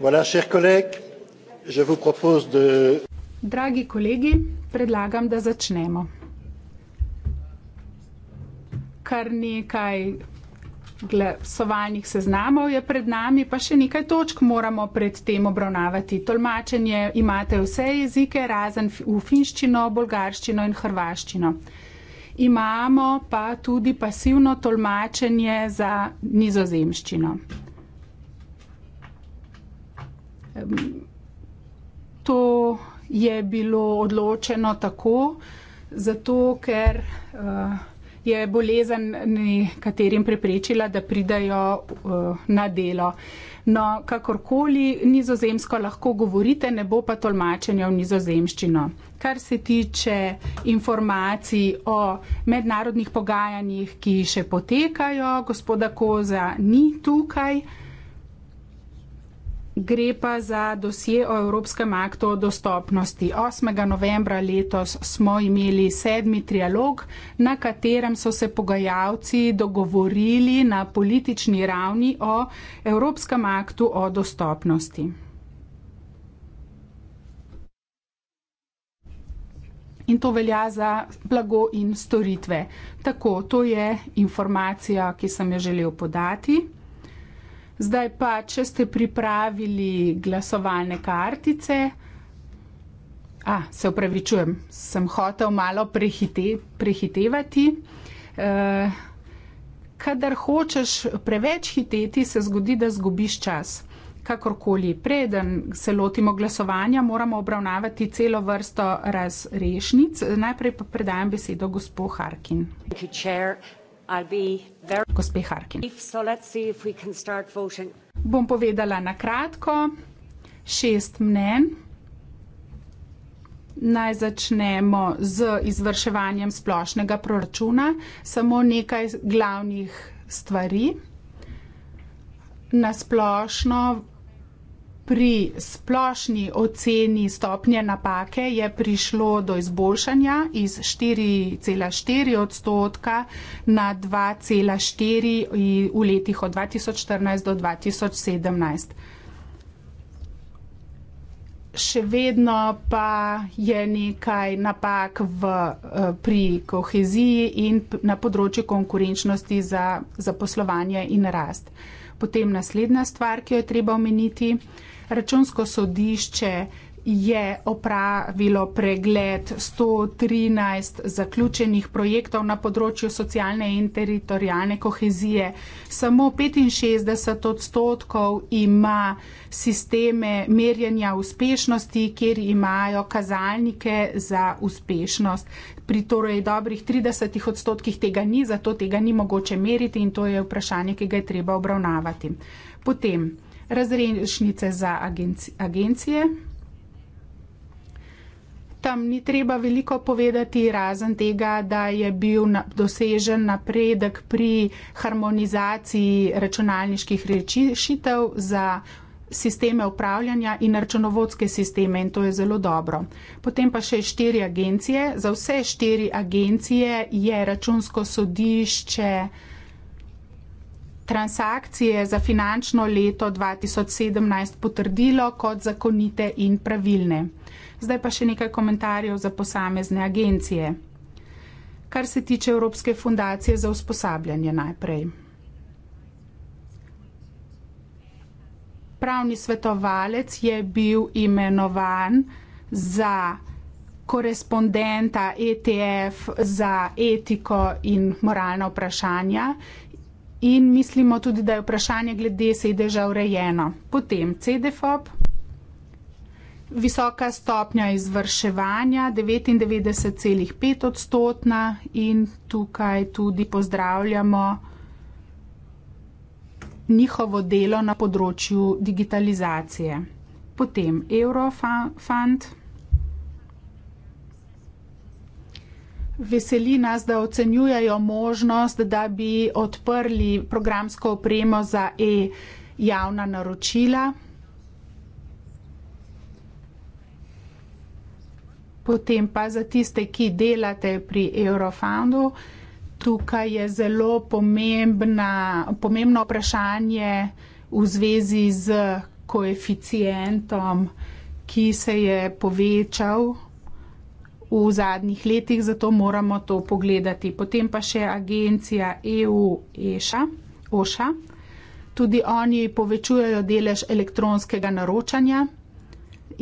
Voilà, chers collègues, je vous propose de... Dragi kolegi, predlagam, da začnemo. Kar nekaj glasovalnih seznamov je pred nami, pa še nekaj točk moramo pred tem obravnavati. Tolmačenje imate vse jezike, razen v finščino, bolgarščino in hrvaščino. Imamo pa tudi pasivno tolmačenje za nizozemščino. To je bilo odločeno tako, zato ker eh, je bolezen nekaterim preprečila, da pridajo eh, na delo. No, kakorkoli nizozemsko lahko govorite, ne bo pa tolmačenja v nizozemščino. Kar se tiče informacij o mednarodnih pogajanjih, ki še potekajo, gospoda Koza ni tukaj gre pa za dosje o Evropskem aktu o dostopnosti. 8. novembra letos smo imeli sedmi trialog, na katerem so se pogajalci dogovorili na politični ravni o Evropskem aktu o dostopnosti. In to velja za blago in storitve. Tako, to je informacija, ki sem jo želel podati. Zdaj pa, če ste pripravili glasovalne kartice. A, se upravičujem, sem hotel malo prehite, prehitevati. E, kadar hočeš preveč hiteti, se zgodi, da zgubiš čas. Kakorkoli, preden se lotimo glasovanja, moramo obravnavati celo vrsto razrešnic. Najprej pa predajam besedo gospod Harkin gospe Harkin. Bom povedala na kratko šest mnen. Naj začnemo z izvrševanjem splošnega proračuna, samo nekaj glavnih stvari. Na splošno pri splošni oceni stopnje napake je prišlo do izboljšanja iz 4,4 odstotka na 2,4 v letih od 2014 do 2017. Še vedno pa je nekaj napak v, eh, pri koheziji in na področju konkurenčnosti za zaposlovanje in rast. Potem naslednja stvar, ki jo je treba omeniti, Računsko sodišče je opravilo pregled 113 zaključenih projektov na področju socialne in teritorijalne kohezije. Samo 65 odstotkov ima sisteme merjenja uspešnosti, kjer imajo kazalnike za uspešnost. Pri torej dobrih 30 odstotkih tega ni, zato tega ni mogoče meriti in to je vprašanje, ki ga je treba obravnavati. Potem, razrešnice za agencije. Tam ni treba veliko povedati, razen tega, da je bil dosežen napredek pri harmonizaciji računalniških rešitev za sisteme upravljanja in računovodske sisteme in to je zelo dobro. Potem pa še štiri agencije. Za vse štiri agencije je računsko sodišče transakcije za finančno leto 2017 potrdilo kot zakonite in pravilne. Zdaj pa še nekaj komentarjev za posamezne agencije. Kar se tiče Evropske fundacije za usposabljanje najprej. Pravni svetovalec je bil imenovan za korespondenta ETF za etiko in moralna vprašanja in mislimo tudi, da je vprašanje glede sedeža urejeno. Potem CDFOB, visoka stopnja izvrševanja 99,5 odstotna in tukaj tudi pozdravljamo njihovo delo na področju digitalizacije. Potem Eurofund. Fa Veseli nas, da ocenjujejo možnost, da bi odprli programsko opremo za e-javna naročila. Potem pa za tiste, ki delate pri Eurofoundu, tukaj je zelo pomembna, pomembno vprašanje v zvezi z koeficientom, ki se je povečal v zadnjih letih, zato moramo to pogledati. Potem pa še agencija EU OŠA. E tudi oni povečujejo delež elektronskega naročanja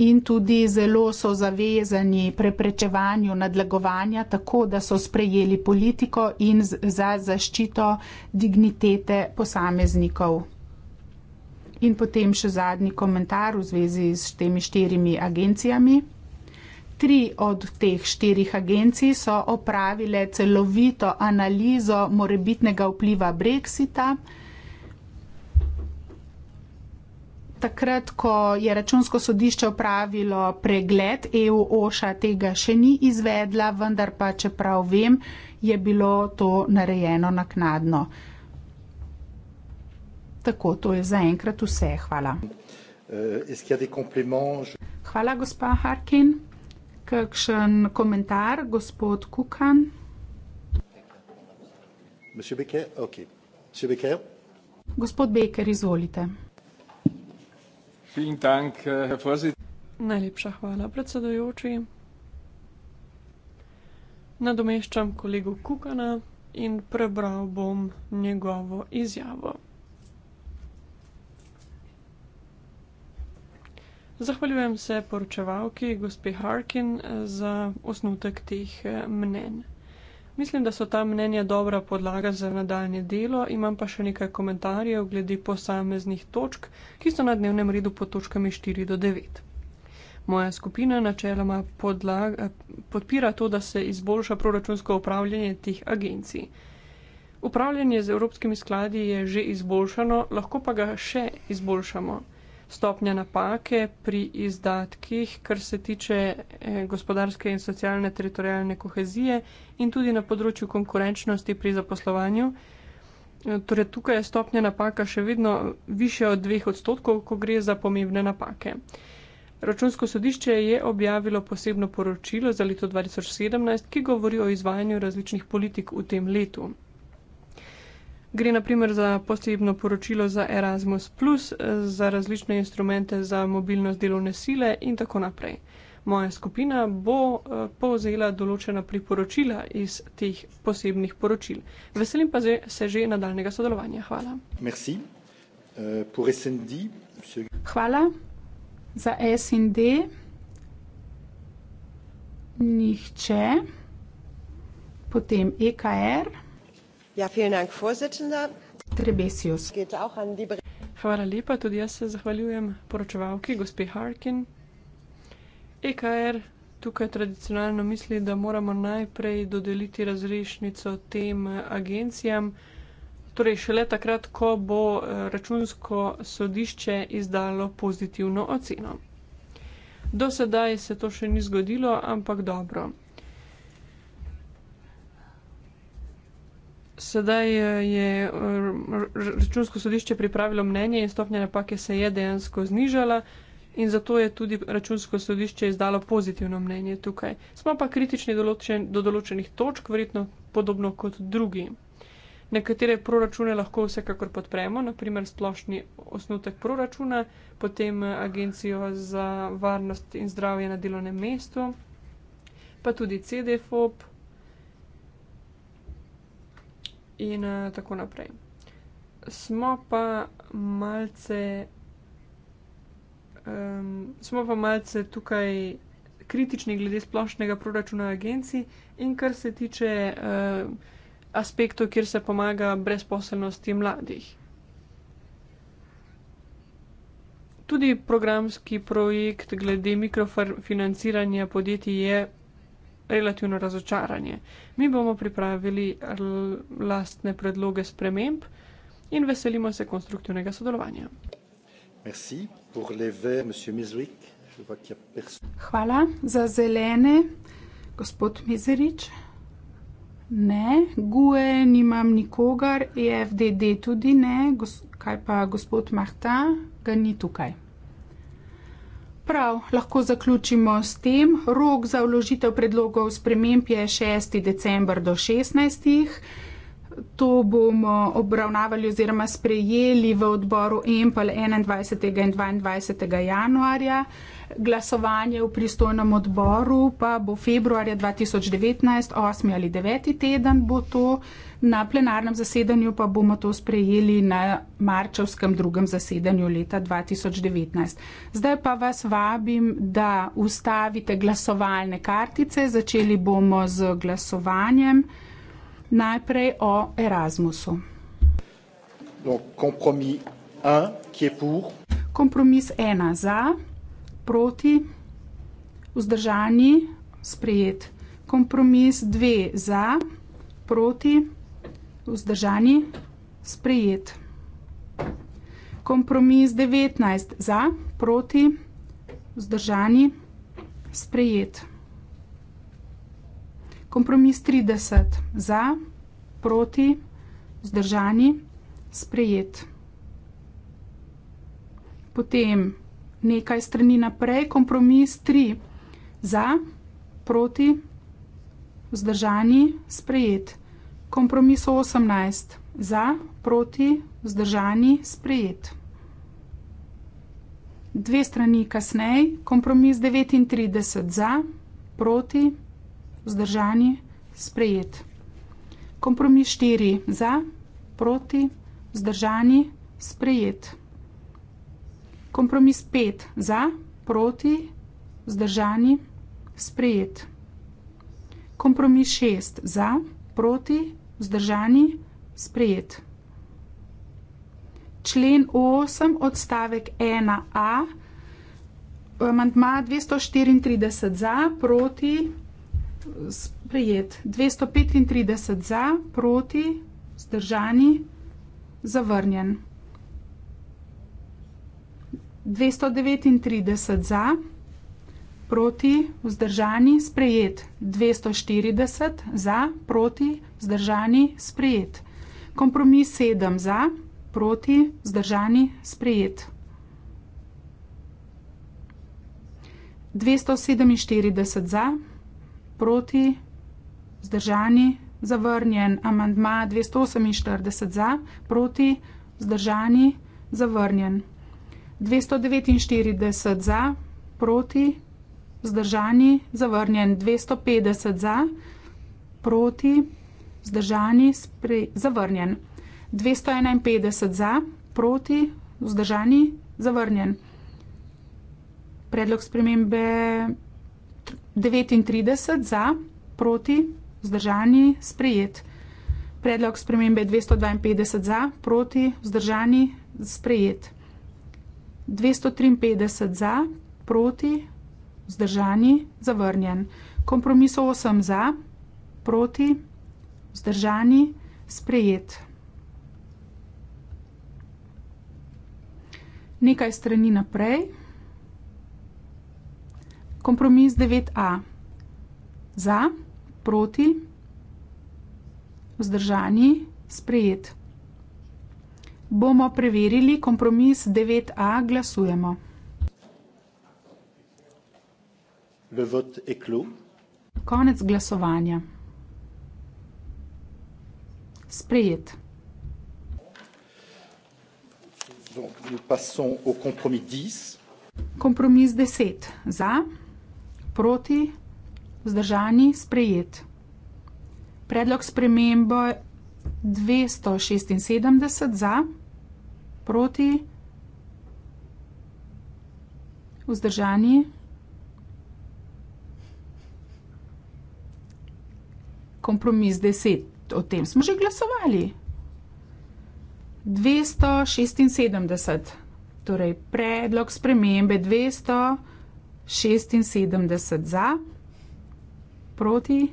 in tudi zelo so zavezani preprečevanju nadlegovanja, tako da so sprejeli politiko in za zaščito dignitete posameznikov. In potem še zadnji komentar v zvezi s temi štirimi agencijami. Tri od teh štirih agencij so opravile celovito analizo morebitnega vpliva Brexita. Takrat, ko je računsko sodišče opravilo pregled, EU OŠA tega še ni izvedla, vendar pa, čeprav vem, je bilo to narejeno naknadno. Tako, to je zaenkrat vse. Hvala. Euh, Hvala, gospa Harkin. Kakšen komentar, gospod Kukan? Gospod Beker, izvolite. Äh, Najlepša hvala, predsedujoči. Nadomeščam kolegu Kukana in prebral bom njegovo izjavo. Zahvaljujem se poročevalki gospe Harkin eh, za osnutek teh eh, mnen. Mislim, da so ta mnenja dobra podlaga za nadaljne delo, imam pa še nekaj komentarjev glede posameznih točk, ki so na dnevnem redu pod točkami 4 do 9. Moja skupina načeloma podlaga, eh, podpira to, da se izboljša proračunsko upravljanje teh agencij. Upravljanje z evropskimi skladi je že izboljšano, lahko pa ga še izboljšamo stopnja napake pri izdatkih, kar se tiče eh, gospodarske in socialne teritorijalne kohezije in tudi na področju konkurenčnosti pri zaposlovanju. Eh, torej, tukaj je stopnja napaka še vedno više od dveh odstotkov, ko gre za pomembne napake. Računsko sodišče je objavilo posebno poročilo za leto 2017, ki govori o izvajanju različnih politik v tem letu. Gre na primer za posebno poročilo za Erasmus, za različne instrumente za mobilnost delovne sile in tako naprej. Moja skupina bo eh, povzela določena priporočila iz teh posebnih poročil. Veselim pa se že nadaljnega sodelovanja. Hvala. Euh, Hvala za SND. Nihče. Potem EKR. Ja, Dank, Trebesius. Hvala lepa, tudi jaz se zahvaljujem poročevalki, gospe Harkin. EKR er tukaj tradicionalno misli, da moramo najprej dodeliti razrešnico tem eh, agencijam, torej šele takrat, ko bo eh, računsko sodišče izdalo pozitivno oceno. Do sedaj se to še ni zgodilo, ampak dobro. Sedaj eh, je eh, računsko sodišče pripravilo mnenje in stopnja napake se je dejansko znižala. In zato je tudi računsko sodišče izdalo pozitivno mnenje tukaj. Smo pa kritični določen, do določenih točk, verjetno podobno kot drugi. Nekatere proračune lahko vsekakor podpremo, naprimer splošni osnutek proračuna, potem eh, Agencijo za varnost in zdravje na delovnem mestu, pa tudi CDFOP, in uh, tako naprej. Smo pa malce. Um, smo pa malce tukaj kritični glede splošnega proračuna agencij in kar se tiče uh, aspektov, kjer se pomaga brezposelnosti mladih. Tudi programski projekt glede mikrofinanciranja podjetij je relativno razočaranje. Mi bomo pripravili lastne predloge sprememb in veselimo se konstruktivnega sodelovanja. Hvala za zelene, gospod Mizerič. Ne, GUE nimam nikogar, EFDD tudi ne, kaj pa gospod Mahta, ga ni tukaj. Prav, lahko zaključimo s tem. Rok za vložitev predlogov sprememb je 6. decembr do 16. To bomo obravnavali oziroma sprejeli v odboru EMPL 21. in 22. januarja glasovanje v pristojnem odboru pa bo februarja 2019, 8. ali 9. teden bo to, na plenarnem zasedanju pa bomo to sprejeli na marčevskem drugem zasedanju leta 2019. Zdaj pa vas vabim, da ustavite glasovalne kartice, začeli bomo z glasovanjem najprej o Erasmusu. Donc, kompromis 1 za proti, vzdržani, sprejet. Kompromis dve za, proti, vzdržani, sprejet. Kompromis devetnajst za, proti, vzdržani, sprejet. Kompromis trideset za, proti, vzdržani, sprejet. Potem nekaj strani naprej, kompromis tri. Za, proti, vzdržani, sprejet. Kompromis 18. Za, proti, vzdržani, sprejet. Dve strani kasneje, kompromis 39. Za, proti, vzdržani, sprejet. Kompromis 4. Za, proti, vzdržani, sprejet. Kompromis 5. Za, proti, zdržani, sprejet. Kompromis 6. Za, proti, zdržani, sprejet. Člen 8, odstavek 1a, amantma 234 za, proti, sprejet. 235 za, proti, zdržani, zavrnjen. 239 za, proti, vzdržani, sprejet. 240 za, proti, vzdržani, sprejet. Kompromis 7 za, proti, vzdržani, sprejet. 247 za, proti, vzdržani, zavrnjen. Amandma 248 za, proti, vzdržani, zavrnjen. 249 za, proti, vzdržani, zavrnjen. 250 za, proti, vzdržani, zavrnjen. 251 za, proti, vzdržani, zavrnjen. Predlog spremembe 39 za, proti, vzdržani, sprejet. Predlog spremembe 252 za, proti, vzdržani, sprejet dvesto triinpetdeset za, proti, vzdržani, zavrnjen. Kompromis osem za, proti, vzdržani, sprejet. Nekaj strani naprej. Kompromis devet a. Za, proti, vzdržani, sprejet. Bomo preverili kompromis 9a, glasujemo. Le vote est clos. Konec glasovanja. Sprejet. Donc, nous passons au compromis 10. Kompromis 10. Za, proti, vzdržani, sprejet. Predlog spremembe dvesto šestinsedemdeset za, proti, vzdržani. Kompromis deset, o tem smo že glasovali. Dvesto šestinsedemdeset, torej predlog spremembe dvesto šestinsedemdeset za, proti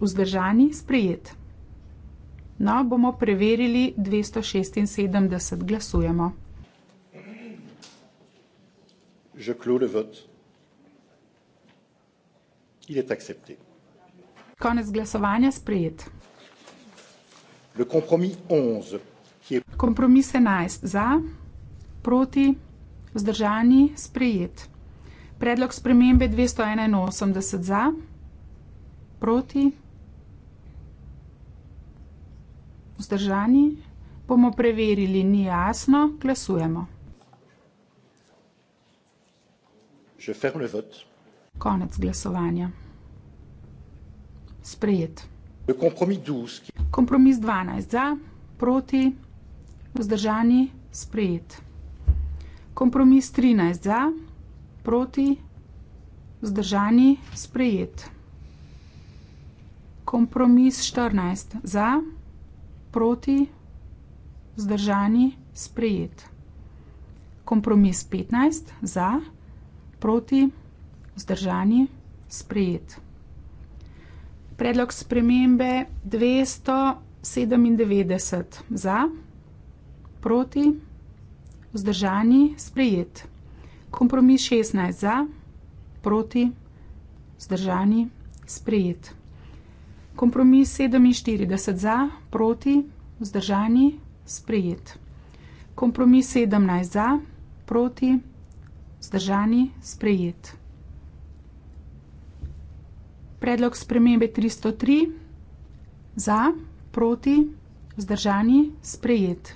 vzdržani, sprejet. No, bomo preverili 276. Glasujemo. Je clou le vote. Il est accepté. Konec glasovanja sprejet. Le compromis 11. Qui est... Kompromis 11. Za, proti, vzdržani, sprejet. Predlog spremembe 281 za proti, vzdržani. Bomo preverili, ni jasno, glasujemo. Je ferme le vote. Konec glasovanja. Sprejet. Kompromis 12. kompromis 12. Za, proti, vzdržani, sprejet. Kompromis 13. Za, proti, vzdržani, sprejet kompromis štirinajst za, proti, vzdržani, sprejet. Kompromis petnajst za, proti, vzdržani, sprejet. Predlog spremembe dvesto sedemindevetdeset za, proti, vzdržani, sprejet. Kompromis šestnajst za, proti, vzdržani, sprejet. Kompromis 47 za, proti, vzdržani, sprejet. Kompromis 17 za, proti, vzdržani, sprejet. Predlog spremembe 303 za, proti, vzdržani, sprejet.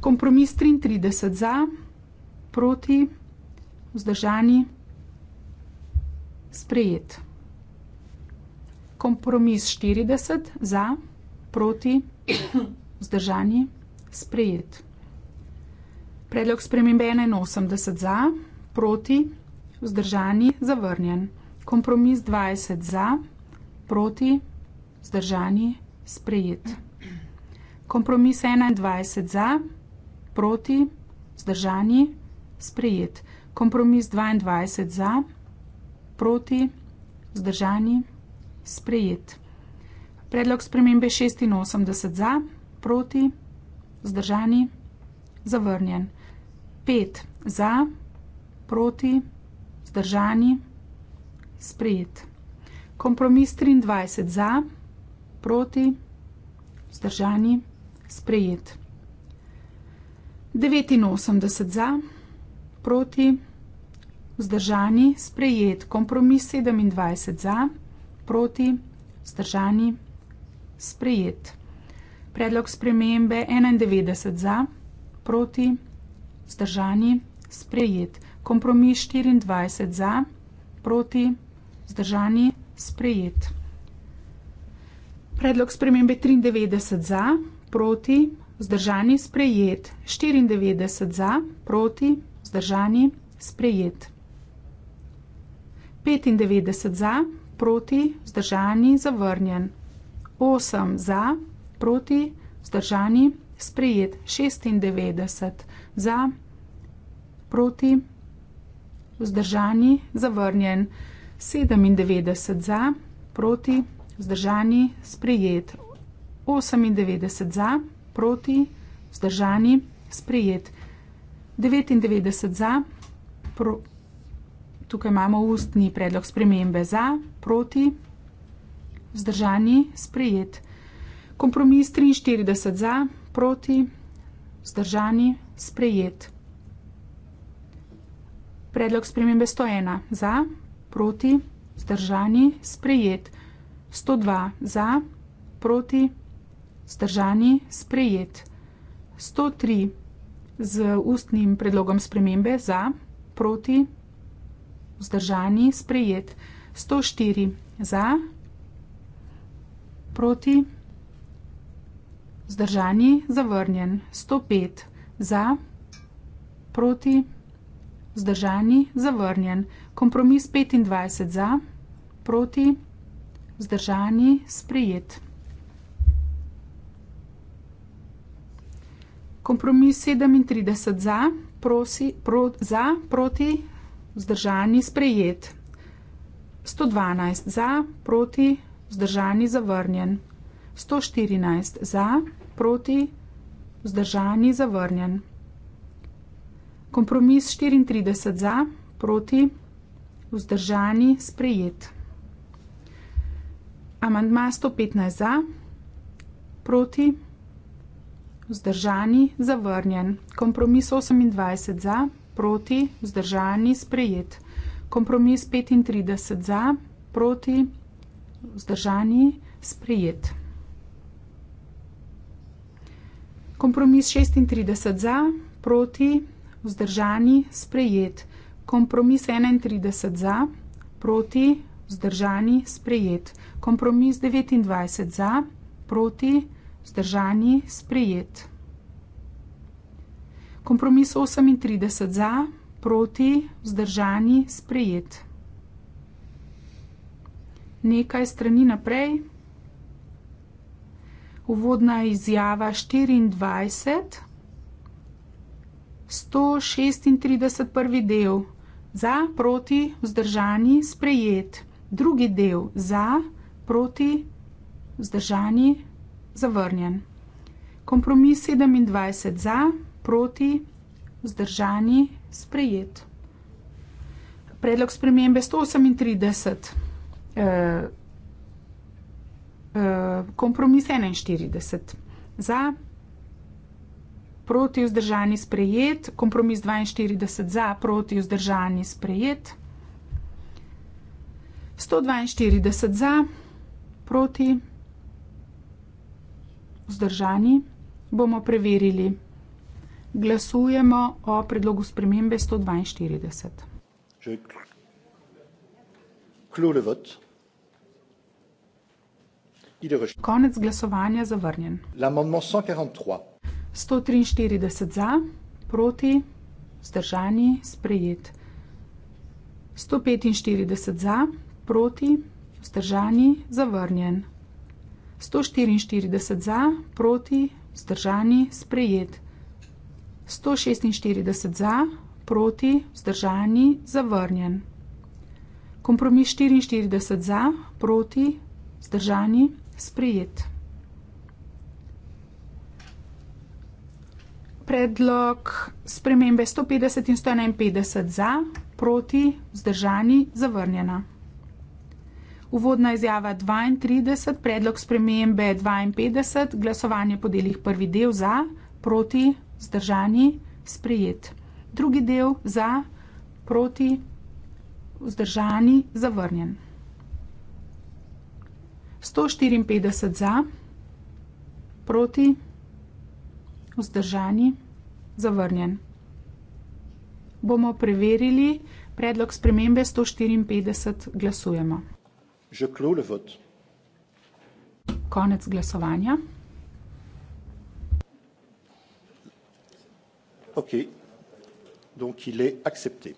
Kompromis 33 za, proti, vzdržani, sprejet proti, vzdržani, sprejet. Kompromis štirideset, za, proti, vzdržani, sprejet. Predlog spremembe enainosemdeset za, proti, vzdržani, zavrnjen. Kompromis dvajset za, proti, vzdržani, sprejet. Kompromis enaindvajset za, proti, vzdržani sprejet. Kompromis 22 za, proti, zdržani, sprejet. Predlog spremembe 86 za, proti, zdržani, zavrnjen. 5 za, proti, zdržani, sprejet. Kompromis 23 za, proti, zdržani, sprejet. 89 za, proti, zdržani, sprejet proti, vzdržani, sprejet. Kompromis 27 za, proti, vzdržani, sprejet. Predlog spremembe 91 za, proti, vzdržani, sprejet. Kompromis 24 za, proti, vzdržani, sprejet. Predlog spremembe 93 za, proti, vzdržani, sprejet. 94 za, proti, vzdržani, sprejet vzdržani, sprejet. 95 za, proti, vzdržani, zavrnjen. 8 za, proti, vzdržani, sprejet. 96 za, proti, vzdržani, zavrnjen. 97 za, proti, vzdržani, sprejet. 98 za, proti, vzdržani, sprejet. 99 za, pro, tukaj imamo ustni predlog spremembe za, proti, vzdržani, sprejet. Kompromis 43 za, proti, vzdržani, sprejet. Predlog spremembe 101 za, proti, vzdržani, sprejet. 102 za, proti, vzdržani, sprejet. 103 za z ustnim predlogom spremembe za, proti, vzdržani, sprejet. 104 za, proti, vzdržani, zavrnjen. 105 za, proti, vzdržani, zavrnjen. Kompromis 25 za, proti, vzdržani, sprejet. Kompromis 37 za, prosi, pro, za proti, vzdržani, sprejet. 112 za, proti, vzdržani, zavrnjen. 114 za, proti, vzdržani, zavrnjen. Kompromis 34 za, proti, vzdržani, sprejet. Amandma 115 za, proti, vzdržani vzdržani, zavrnjen. Kompromis 28 za, proti, vzdržani, sprejet. Kompromis 35 za, proti, vzdržani, sprejet. Kompromis 36 za, proti, vzdržani, sprejet. Kompromis 31 za, proti, vzdržani, sprejet. Kompromis 29 za, proti, vzdržani, sprejet vzdržani, sprejet. Kompromis 38 za, proti, vzdržani, sprejet. Nekaj strani naprej. Uvodna izjava 24. 136 prvi del. Za, proti, vzdržani, sprejet. Drugi del. Za, proti, vzdržani, sprejet zavrnjen. Kompromis 27 za, proti, vzdržani, sprejet. Predlog spremembe 138, eh, eh, kompromis 41 za, proti, vzdržani, sprejet. Kompromis 42 za, proti, vzdržani, sprejet. 142 za, proti, vzdržani, sprejet vzdržani? Bomo preverili. Glasujemo o predlogu spremembe 142. Kluljevot. Konec glasovanja zavrnjen. 143 za, proti, zdržani, sprejet. 145 za, proti, zdržani, zavrnjen. 144 za, proti, vzdržani, sprejet. 146 za, proti, vzdržani, zavrnjen. Kompromis 44 za, proti, vzdržani, sprejet. Predlog spremembe 150 in 151 za, proti, vzdržani, zavrnjena uvodna izjava 32, predlog spremembe 52, glasovanje po delih prvi del za, proti, zdržani, sprejet. Drugi del za, proti, zdržani, zavrnjen. 154 za, proti, vzdržani, zavrnjen. Bomo preverili predlog spremembe 154, glasujemo. Je clôt le vote. Konec glasovanja. OK. Donc il est accepté.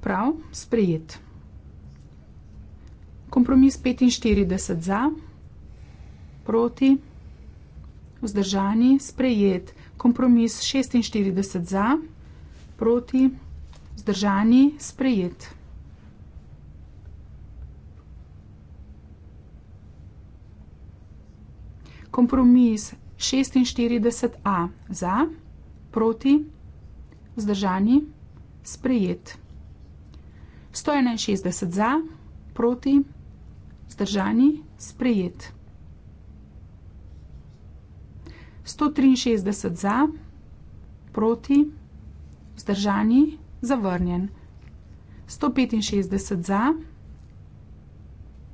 Prav, sprejet. Kompromis 45 za, proti, vzdržani, sprejet. Kompromis 46 za, proti, vzdržani, sprejet. kompromis 46a za, proti, vzdržani, sprejet. 161 za, proti, vzdržani, sprejet. 163 za, proti, vzdržani, zavrnjen. 165 za, proti, vzdržani,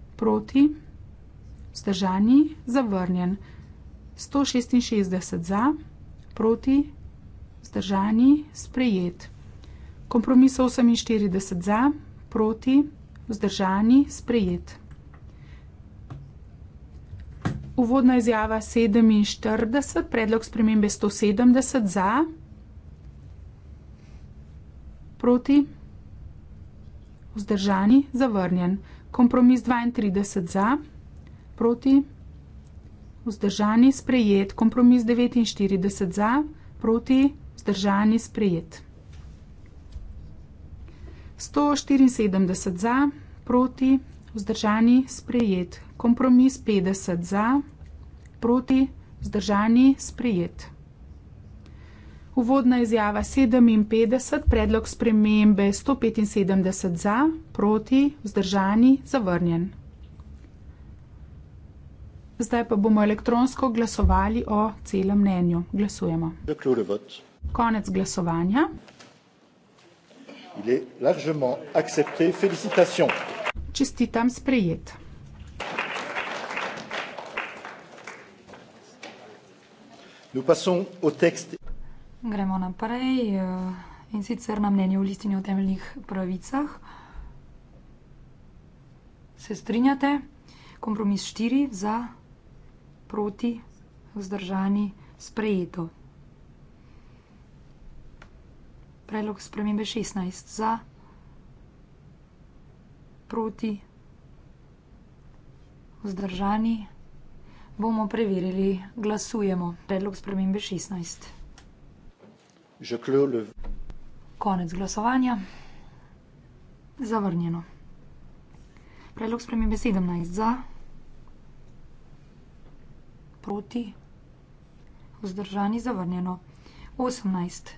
zavrnjen vzdržani, zavrnjen. 166 za, proti, vzdržani, sprejet. Kompromis 48 za, proti, vzdržani, sprejet. Uvodna izjava 47, predlog spremembe 170 za, proti, vzdržani, zavrnjen. Kompromis 32 za, proti, vzdržani, sprejet proti. Vzdržani sprejet. Kompromis 49 za proti. Vzdržani sprejet. 174 za proti. Vzdržani sprejet. Kompromis 50 za proti. Vzdržani sprejet. Uvodna izjava 57, predlog spremembe 175 za, proti, vzdržani, zavrnjen. Zdaj pa bomo elektronsko glasovali o celem mnenju. Glasujemo. Konec glasovanja. Il est largement accepté. Félicitations. Čestitam sprejet. Nous passons au texte. Gremo naprej eh, in sicer na mnenje v listini o temeljnih pravicah. Se strinjate? Kompromis 4 za proti, vzdržani, sprejeto. Predlog spremembe šestnajst za, proti, vzdržani. Bomo preverili. Glasujemo. Predlog spremembe šestnajst. Konec glasovanja. Zavrnjeno. Predlog spremembe sedemnajst za proti, vzdržani zavrnjeno. 18.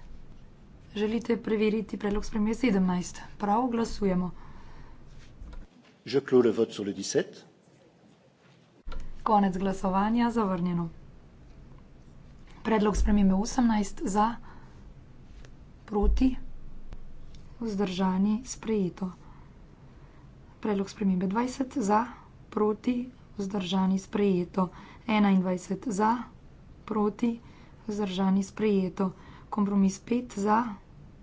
Želite preveriti predlog spremembe 17? Prav, glasujemo. Je clou le vote sur le 17. Konec glasovanja, zavrnjeno. Predlog spremembe 18 za, proti, vzdržani, sprejeto. Predlog spremembe 20 za, proti, vzdržani, sprejeto. 21 za, proti, vzdržani sprejeto. Kompromis 5 za,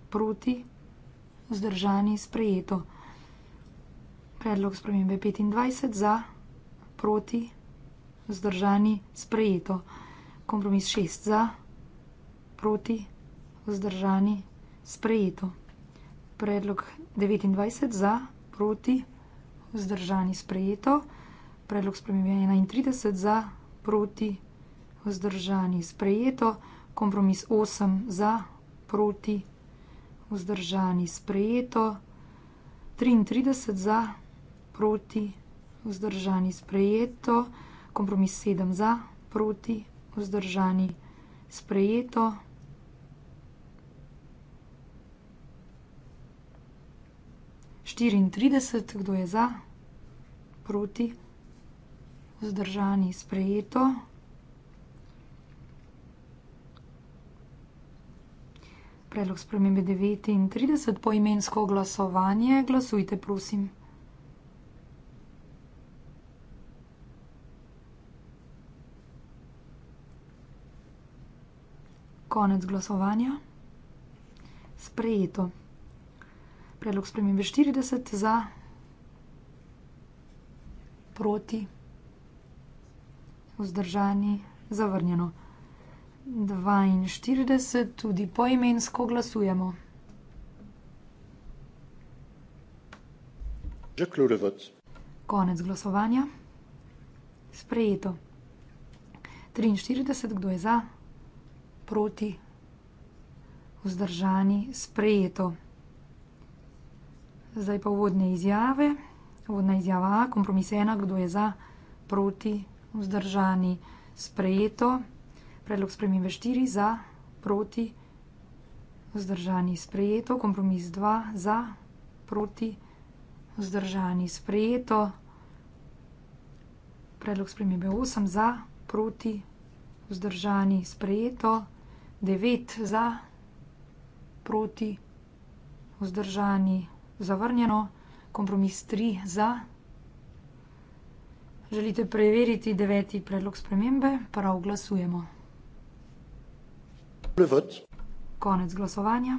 proti, vzdržani sprejeto. Predlog spremembe 25 za, proti, vzdržani sprejeto. Kompromis 6 za, proti, vzdržani sprejeto. Predlog 29 za, proti, vzdržani sprejeto. Predlog spremembe 31 za, proti proti, vzdržani. Sprejeto. Kompromis 8 za, proti, vzdržani. Sprejeto. 33 za, proti, vzdržani. Sprejeto. Kompromis 7 za, proti, vzdržani. Sprejeto. Štiriintrideset, kdo je za? Proti vzdržani sprejeto. Predlog spremembe 39 po imensko glasovanje. Glasujte, prosim. Konec glasovanja. Sprejeto. Predlog spremembe 40 za proti vzdržani, zavrnjeno. 42, tudi poimensko glasujemo. Konec glasovanja. Sprejeto. 43, kdo je za, proti, vzdržani, sprejeto. Zdaj pa vodne izjave. Vodna izjava A, kompromis ena, kdo je za, proti, vzdržani vzdržani, sprejeto. Predlog spremembe 4 za, proti, vzdržani, sprejeto. Kompromis 2 za, proti, vzdržani, sprejeto. Predlog spremembe 8 za, proti, vzdržani, sprejeto. 9 za, proti, vzdržani, zavrnjeno. Kompromis 3 za, proti. Želite preveriti deveti predlog spremembe? Prav glasujemo. Konec glasovanja.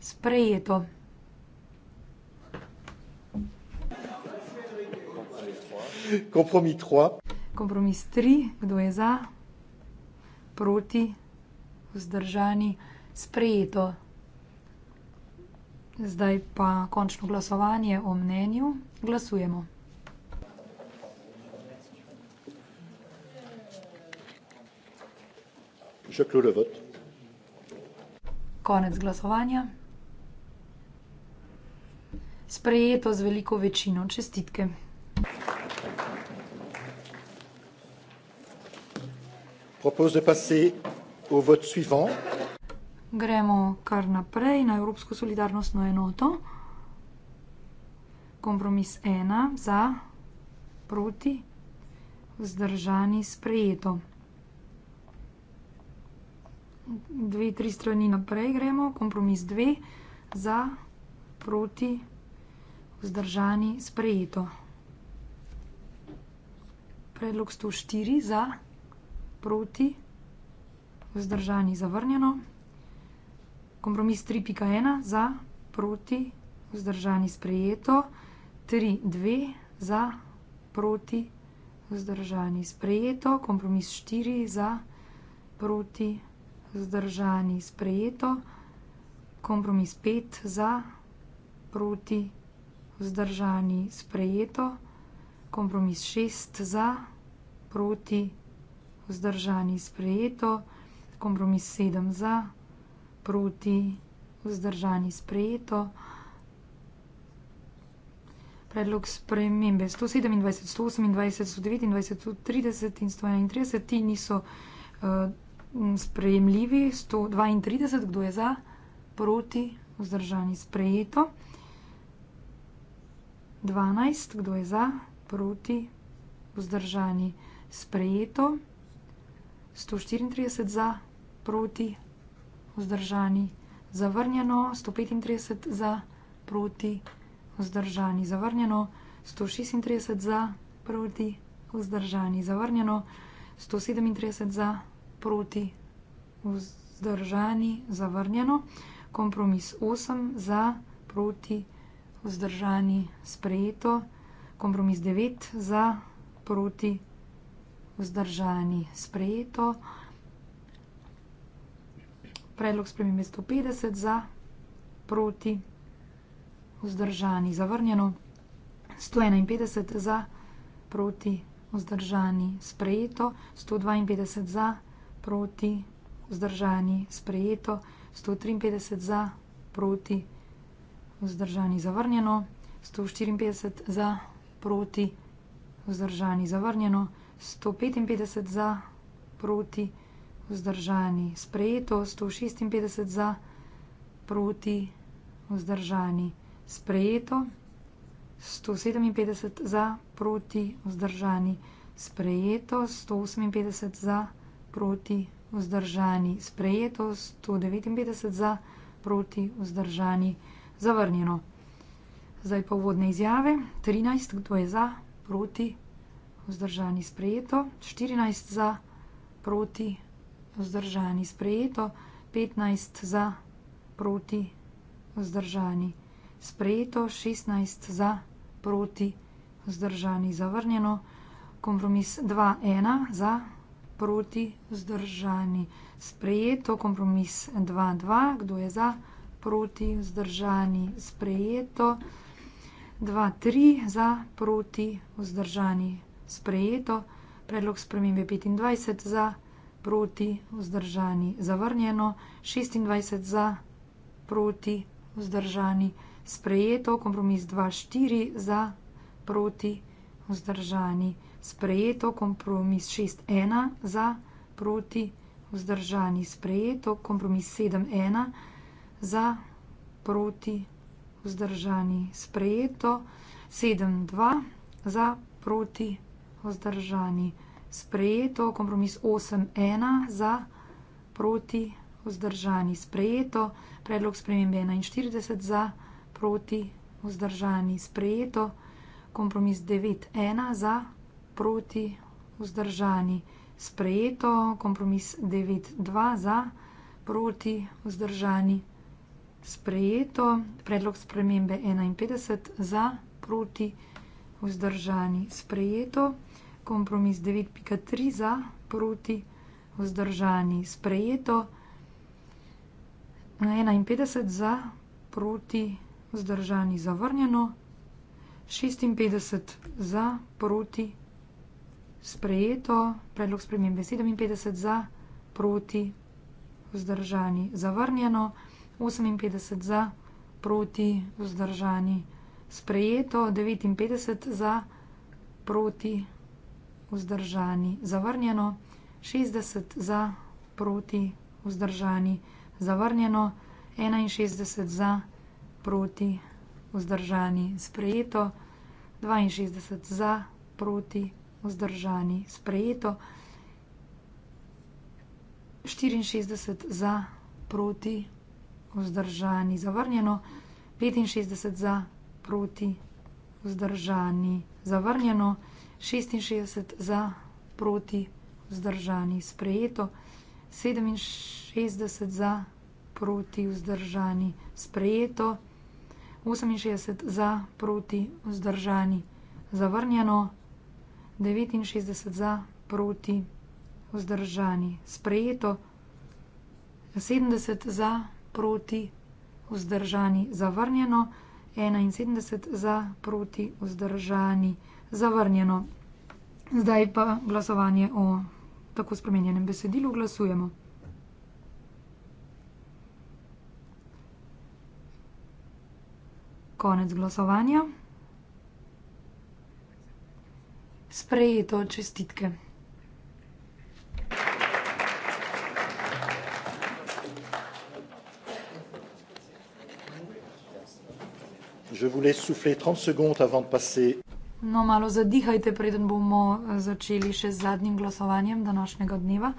Sprejeto. Kompromis 3. Kompromis 3. Kdo je za? Proti? Vzdržani? Sprejeto. Zdaj pa končno glasovanje o mnenju. Glasujemo. zaključovati. Konec glasovanja. Sprejeto z veliko večino. Čestitke. Propos de passer au vote suivant. Gremo kar naprej na Evropsko solidarnostno enoto. Kompromis ena za, proti, vzdržani sprejeto dve, tri strani naprej gremo, kompromis dve, za, proti, vzdržani, sprejeto. Predlog 104 za, proti, vzdržani, zavrnjeno. Kompromis 3.1 za, proti, vzdržani, sprejeto. 3.2 za, proti, vzdržani, sprejeto. Kompromis 4 za, proti, vzdržani vzdržani, sprejeto. Kompromis pet za, proti, vzdržani, sprejeto. Kompromis šest za, proti, vzdržani, sprejeto. Kompromis sedem za, proti, vzdržani, sprejeto. Predlog spremembe 127, 128, 129, 130 in 131 niso uh, Mm, sprejemljivi 132, kdo je za, proti, vzdržani, sprejeto. 12, kdo je za, proti, vzdržani, sprejeto. 134 za, proti, vzdržani, zavrnjeno. 135 za, proti, vzdržani, zavrnjeno. 136 za, proti, vzdržani, zavrnjeno. 137 za, proti, vzdržani, zavrnjeno proti vzdržani, zavrnjeno. Kompromis osem za, proti vzdržani, sprejeto. Kompromis devet za, proti vzdržani, sprejeto. Predlog spremembe 150 za, proti vzdržani, zavrnjeno. 151 za, proti vzdržani, sprejeto. 152 za, proti vzdržani, sprejeto proti, vzdržani, sprejeto, 153 za, proti, vzdržani, zavrnjeno, 154 za, proti, vzdržani, zavrnjeno, 155 za, proti, vzdržani, sprejeto, 156 za, proti, vzdržani, sprejeto, 157 za, proti, vzdržani, sprejeto, 158 za, proti, vzdržani, sprejeto, 158 za, proti, vzdržani, sprejeto, 159 za, proti, vzdržani, zavrnjeno. Zdaj pa uvodne izjave. 13, kdo je za, proti, vzdržani, sprejeto. 14 za, proti, vzdržani, sprejeto. 15 za, proti, vzdržani, sprejeto. 16 za, proti, vzdržani, zavrnjeno. Kompromis 2-1 za, proti vzdržani. Sprejeto, kompromis dva dva, kdo je za, proti vzdržani, sprejeto. Dva tri za, proti vzdržani, sprejeto. Predlog spremembe petindvajset za, proti vzdržani, zavrnjeno. Šestindvajset za, proti vzdržani, sprejeto. Kompromis dva štiri za, proti vzdržani sprejeto kompromis šest ena za, proti vzdržani, sprejeto kompromis sedem ena za, proti vzdržani, sprejeto sedem dva za, proti vzdržani, sprejeto kompromis osem ena za, proti vzdržani, sprejeto predlog spremembe enainštirideset za, proti vzdržani, sprejeto kompromis devet ena za, proti vzdržani proti, vzdržani. Sprejeto, kompromis 9-2 za, proti, vzdržani. Sprejeto, predlog spremembe 51 za, proti, vzdržani. Sprejeto, kompromis 9.3 za, proti, vzdržani. Sprejeto, 51 za, proti, vzdržani. Zavrnjeno, 56 za, proti, vzdržani sprejeto, predlog spremembe 57 za, proti, vzdržani, zavrnjeno, 58 za, proti, vzdržani, sprejeto, 59 za, proti, vzdržani, zavrnjeno, 60 za, proti, vzdržani, zavrnjeno, 61 za, proti, vzdržani, sprejeto, 62 za, proti, vzdržani vzdržani, sprejeto. 64 za, proti, vzdržani, zavrnjeno. 65 za, proti, vzdržani, zavrnjeno. 66 za, proti, vzdržani, sprejeto. 67 za, proti, vzdržani, sprejeto. 68 za, proti, vzdržani, zavrnjeno. 69 za, proti, vzdržani. Sprejeto. 70 za, proti, vzdržani, zavrnjeno. 71 za, proti, vzdržani, zavrnjeno. Zdaj pa glasovanje o tako spremenjenem besedilu. Glasujemo. Konec glasovanja sprejeto. Čestitke. Je vous laisse souffler 30 secondes avant de passer. No, malo zadihajte, preden bomo eh, začeli še z zadnjim glasovanjem današnjega dneva.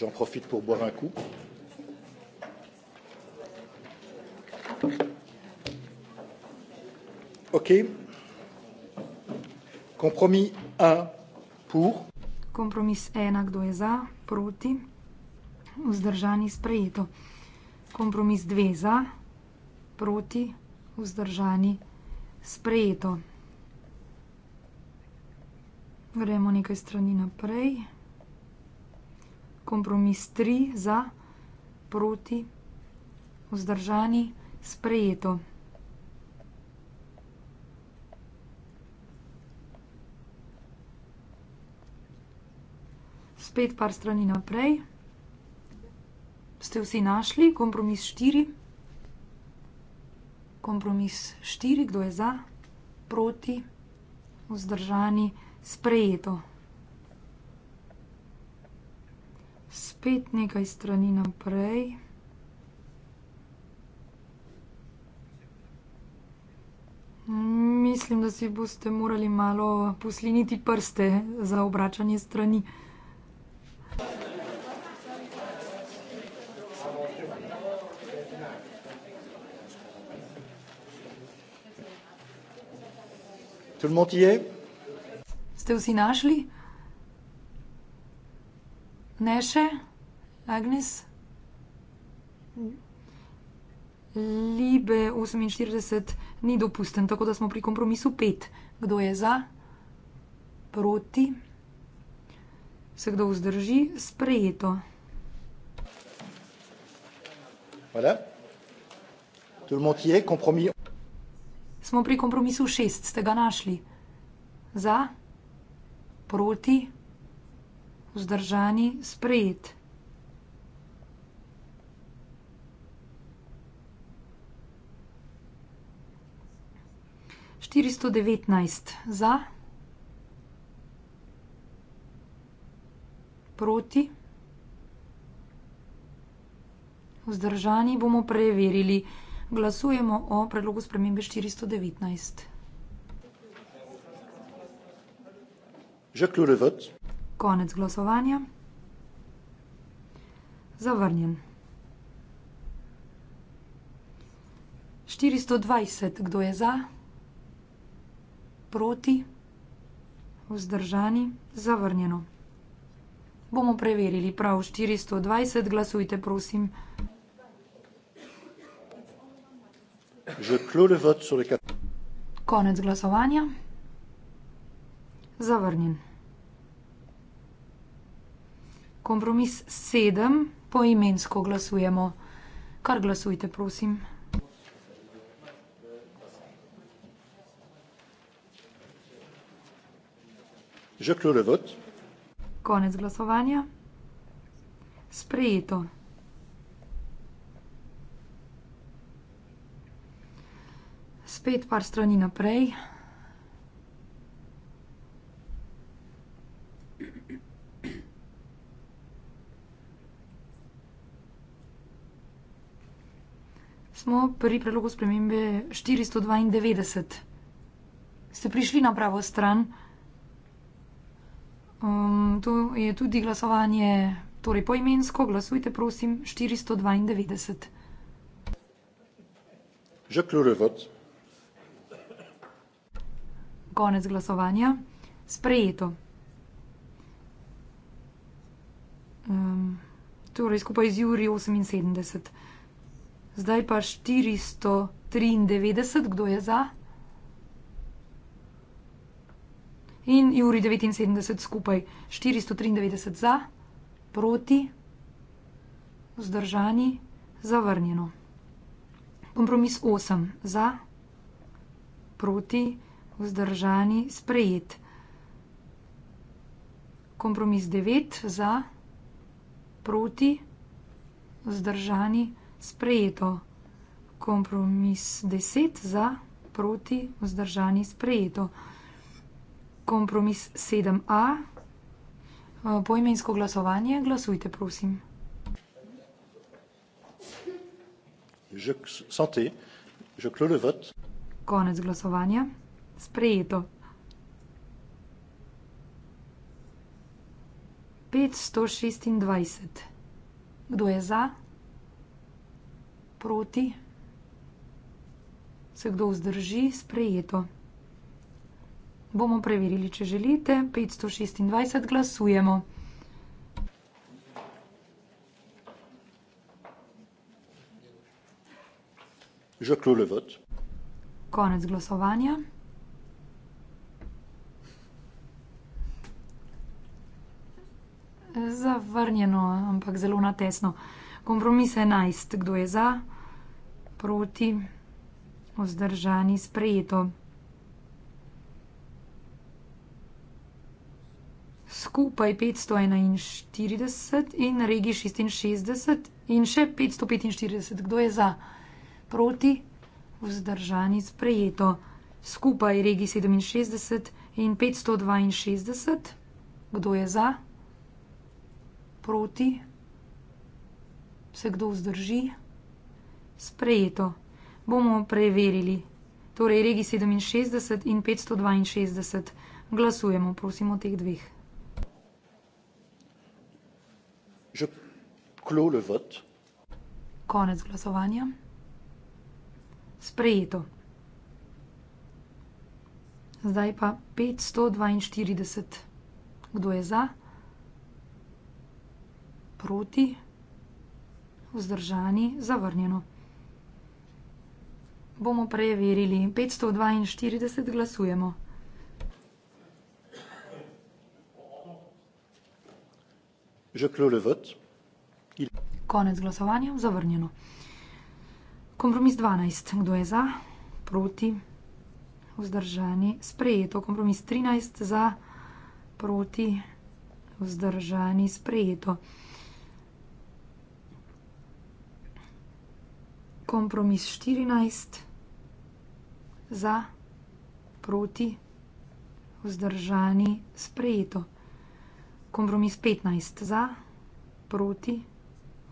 J'en profite pour boire un coup. bloquée. Compromis 1 pour. Compromis 1 kdo je za, proti. Vzdržani sprejeto. Compromis 2 za, proti. Vzdržani sprejeto. Gremo nekaj strani naprej. Kompromis 3 za, proti, vzdržani, sprejeto. spet par strani naprej. Ste vsi našli kompromis 4? Kompromis 4, kdo je za, proti, vzdržani, sprejeto. Spet nekaj strani naprej. Mislim, da si boste morali malo posliniti prste za obračanje strani. Tout le monde y est Ste vsi našli? Ne še? Agnes? Libe 48 ni dopusten, tako da smo pri kompromisu 5. Kdo je za? Proti? Se kdo vzdrži? Sprejeto. Hvala. Tout le monde y est, kompromis. Smo pri kompromisu šest, ste ga našli? Za? Proti? Vzdržani? Sprejet. Štiristo devetnajst za, proti, vzdržani bomo preverili. Glasujemo o predlogu spremembe 419. Konec glasovanja. Zavrnjen. 420, kdo je za? Proti? Vzdržani? Zavrnjeno. Bomo preverili prav 420, glasujte prosim. Je clôt le vote sur les quatre. Konec glasovanja. Zavrnjen. Kompromis 7 poimensko glasujemo. Kar glasujte, prosim. Je clôt le vote. Konec glasovanja. Sprejeto. spet par strani naprej. Smo pri prelogu spremembe 492. Ste prišli na pravo stran. Um, to je tudi glasovanje, torej poimensko. Glasujte, prosim, 492. Je kljub revod konec glasovanja. Sprejeto. Um, torej, skupaj z Juri 78. Zdaj pa 493, kdo je za? In Juri 79 skupaj 493 za, proti, vzdržani, zavrnjeno. Kompromis 8 za, proti, vzdržani vzdržani, sprejet. Kompromis 9 za, proti, vzdržani, sprejeto. Kompromis 10 za, proti, vzdržani, sprejeto. Kompromis 7a, eh, poimensko glasovanje, glasujte, prosim. Je santé, je clôt le vote. Konec glasovanja sprejeto. Petsto šestindvajset. Kdo je za? Proti? Se kdo vzdrži? Sprejeto. Bomo preverili, če želite. Petsto šestindvajset, glasujemo. Je clôt le vote. Konec glasovanja. zavrnjeno, ampak zelo na tesno. Kompromis je enajst, kdo je za, proti, vzdržani, sprejeto. Skupaj 541 in regi 66 in še 545, kdo je za, proti, vzdržani, sprejeto. Skupaj regi 67 in 562, kdo je za proti, se kdo vzdrži. Sprejeto. Bomo preverili. Torej, regi 67 in 562. Glasujemo, prosim, o teh dveh. Konec glasovanja. Sprejeto. Zdaj pa 542. Kdo je za? proti, vzdržani, zavrnjeno. Bomo preverili. 542 glasujemo. Konec glasovanja, zavrnjeno. Kompromis 12. Kdo je za? Proti, vzdržani, sprejeto. Kompromis 13. Za, proti, vzdržani, sprejeto. kompromis 14, za, proti, vzdržani, sprejeto. Kompromis 15, za, proti,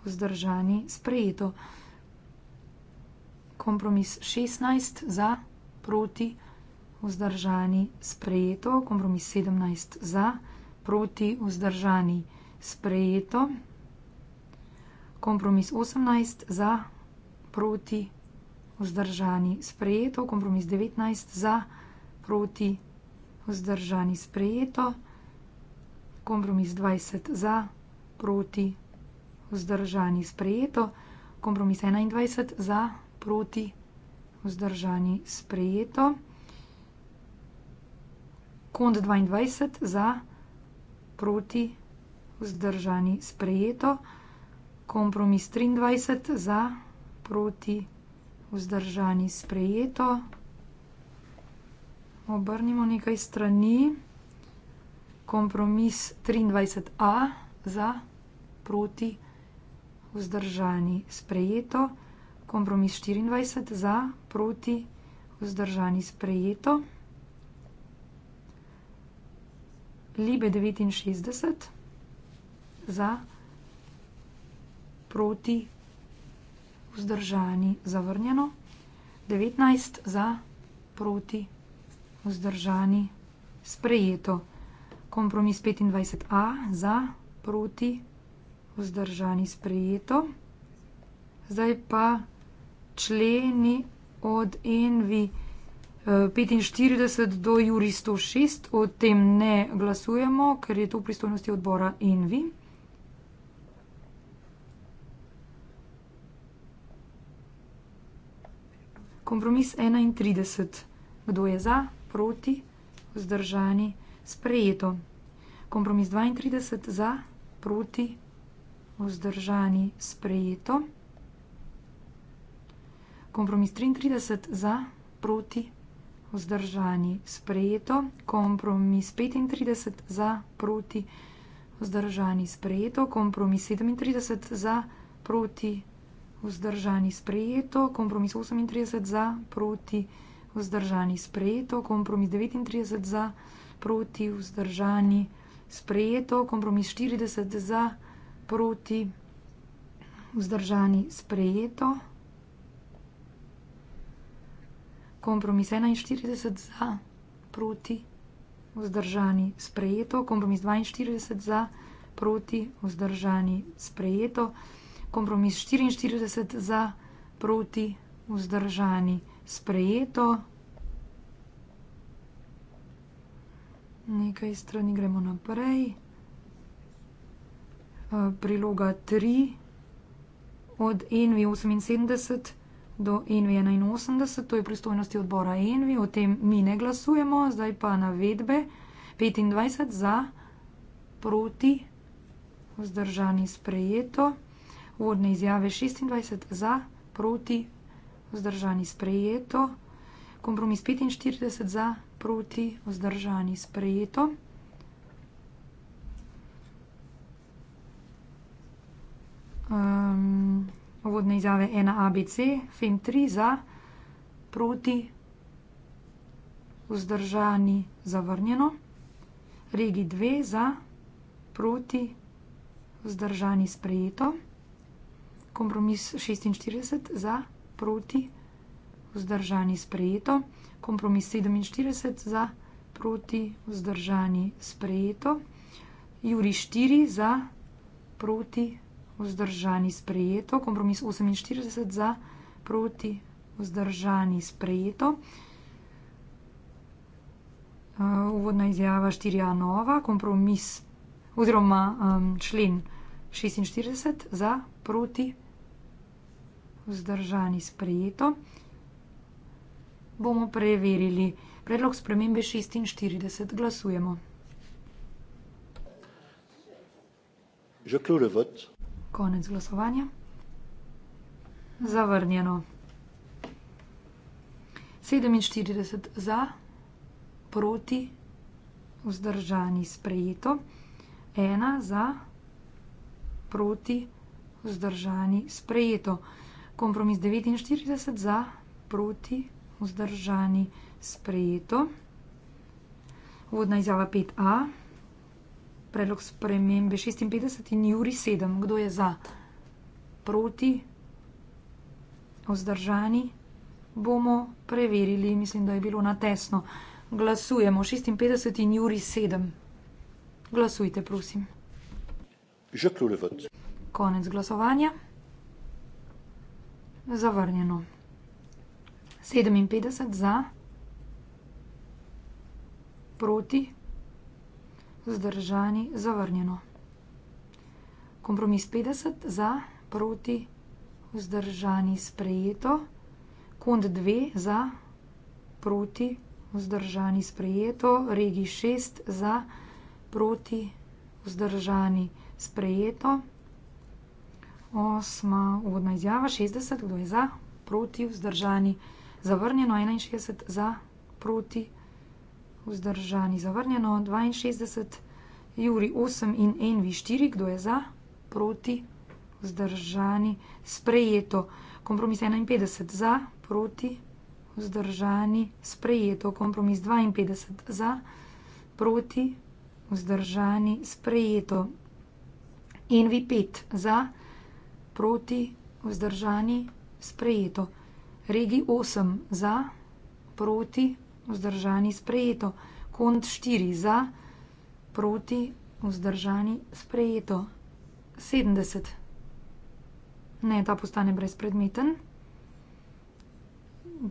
vzdržani, sprejeto. Kompromis 16, za, proti, vzdržani, sprejeto. Kompromis 17, za, proti, vzdržani, sprejeto. Kompromis 18, za, proti, vzdržani, sprejeto. Kompromis 18, za, proti, vzdržani, sprejeto, kompromis 19 za, proti, vzdržani, sprejeto, kompromis 20 za, proti, vzdržani, sprejeto, kompromis 21 za, proti, vzdržani, sprejeto, kond 22 za, proti, vzdržani, sprejeto, kompromis 23 za, proti, vzdržani, sprejeto, proti, vzdržani, sprejeto. Obrnimo nekaj strani. Kompromis 23a za, proti, vzdržani, sprejeto. Kompromis 24 za, proti, vzdržani, sprejeto. Libe 69 za, proti, vzdržani, sprejeto vzdržani, zavrnjeno, 19 za, proti, vzdržani, sprejeto. Kompromis 25a za, proti, vzdržani, sprejeto. Zdaj pa členi od Envi eh, 45 do Juri 106, o tem ne glasujemo, ker je to v pristojnosti odbora Envi. Kompromis 31. Kdo je za, proti, vzdržani, sprejeto. Kompromis 32. Za, proti, vzdržani, sprejeto. Kompromis 33. Za, proti, vzdržani, sprejeto. Kompromis 35. Za, proti, vzdržani, sprejeto. Kompromis 37. Za, proti, vzdržani, sprejeto vzdržani sprejeto, kompromis 38 za, proti vzdržani sprejeto, kompromis 39 za, proti vzdržani sprejeto, kompromis 40 za, proti vzdržani sprejeto, kompromis 41 za, proti vzdržani sprejeto, kompromis 42 za, proti vzdržani sprejeto kompromis 44 za, proti vzdržani sprejeto. Nekaj strani gremo naprej. Eh, priloga 3 od ENVI 78 do ENVI 81, to je pristojnosti odbora ENVI, o tem mi ne glasujemo, zdaj pa navedbe 25 za, proti, vzdržani sprejeto. Vodne izjave 26 za, proti, vzdržani sprejeto. Kompromis 45 za, proti, vzdržani sprejeto. Um, ehm, vodne izjave 1 ABC, FEM 3 za, proti, vzdržani zavrnjeno. Regi 2 za, proti, vzdržani sprejeto kompromis 46 za, proti, vzdržani, sprejeto, kompromis 47 za, proti, vzdržani, sprejeto, Juri 4 za, proti, vzdržani, sprejeto, kompromis 48 za, proti, vzdržani, sprejeto. Uh, uvodna izjava 4 a nova, kompromis oziroma um, člen 46 za, proti, vzdržani, sprejeto vzdržani, sprejeto. Bomo preverili predlog spremembe 46. Glasujemo. Konec glasovanja. Zavrnjeno. 47 za, proti, vzdržani, sprejeto. 1 za, proti, vzdržani, sprejeto. Kompromis 49 za, proti, vzdržani, sprejeto. Vodna izjava 5a, predlog spremembe 56 in juri 7. Kdo je za, proti, vzdržani, bomo preverili. Mislim, da je bilo na tesno. Glasujemo 56 in juri 7. Glasujte, prosim. Konec glasovanja. Zavrnjeno. 57 za. Proti. Zdržani. Zavrnjeno. Kompromis 50 za. Proti. Vzdržani sprejeto, kond 2 za, proti, vzdržani sprejeto, regi 6 za, proti, vzdržani sprejeto. Osma uvodna izjava, 60, kdo je za, proti, vzdržani, zavrnjeno, 61, za, proti, vzdržani, zavrnjeno, 62, Juri 8 in Envi 4, kdo je za, proti, vzdržani, sprejeto, kompromis 51, za, proti, vzdržani, sprejeto, kompromis 52, za, proti, vzdržani, sprejeto, Envi 5, za, proti, proti, vzdržani, sprejeto. Regi osem za, proti, vzdržani, sprejeto. Kont štiri za, proti, vzdržani, sprejeto. Sedemdeset. Ne, ta postane brezpredmeten.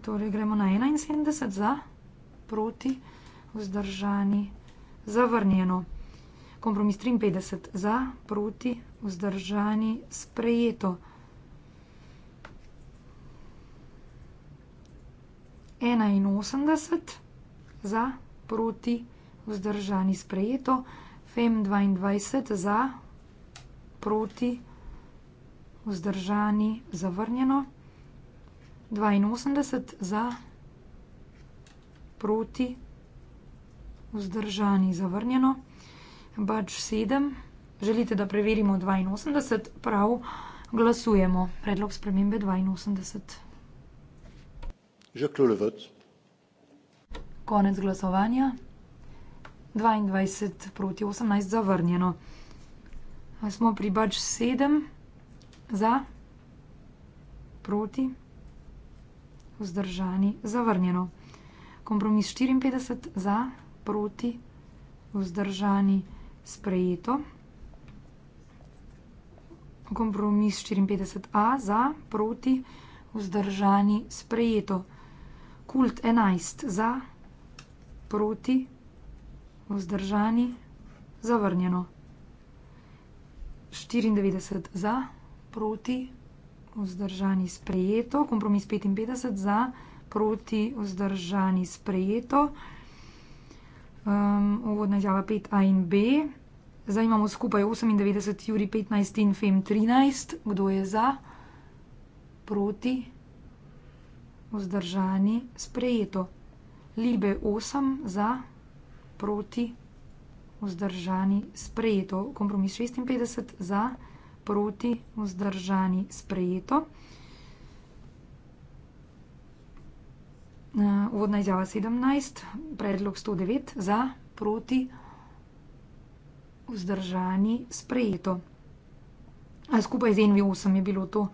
Torej gremo na enainsedemdeset za, proti, vzdržani, zavrnjeno. Kompromis triinpetdeset za, proti, vzdržani vzdržani, sprejeto. Enainosemdeset za, proti, vzdržani, sprejeto. Fem dvaindvajset za, proti, vzdržani, zavrnjeno. Dvainosemdeset za, proti, vzdržani, zavrnjeno. Bač sedem. Želite, da preverimo 82? Prav, glasujemo. Predlog spremembe 82. Žaklo Levot. Konec glasovanja. 22 proti 18 zavrnjeno. Smo pri bač 7 za, proti, vzdržani, zavrnjeno. Kompromis 54 za, proti, vzdržani, sprejeto kompromis 54a za, proti, vzdržani, sprejeto. Kult 11 za, proti, vzdržani, zavrnjeno. 94 za, proti, vzdržani, sprejeto. Kompromis 55 za, proti, vzdržani, sprejeto. Um, uvodna izjava 5a in b. Zdaj imamo skupaj 98, Juri 15 in Fem 13. Kdo je za, proti, vzdržani, sprejeto. Libe 8 za, proti, vzdržani, sprejeto. Kompromis 56 za, proti, vzdržani, sprejeto. Uvodna izjava 17, predlog 109 za, proti, vzdržani vzdržani, sprejeto. A skupaj z Envi 8 je bilo to,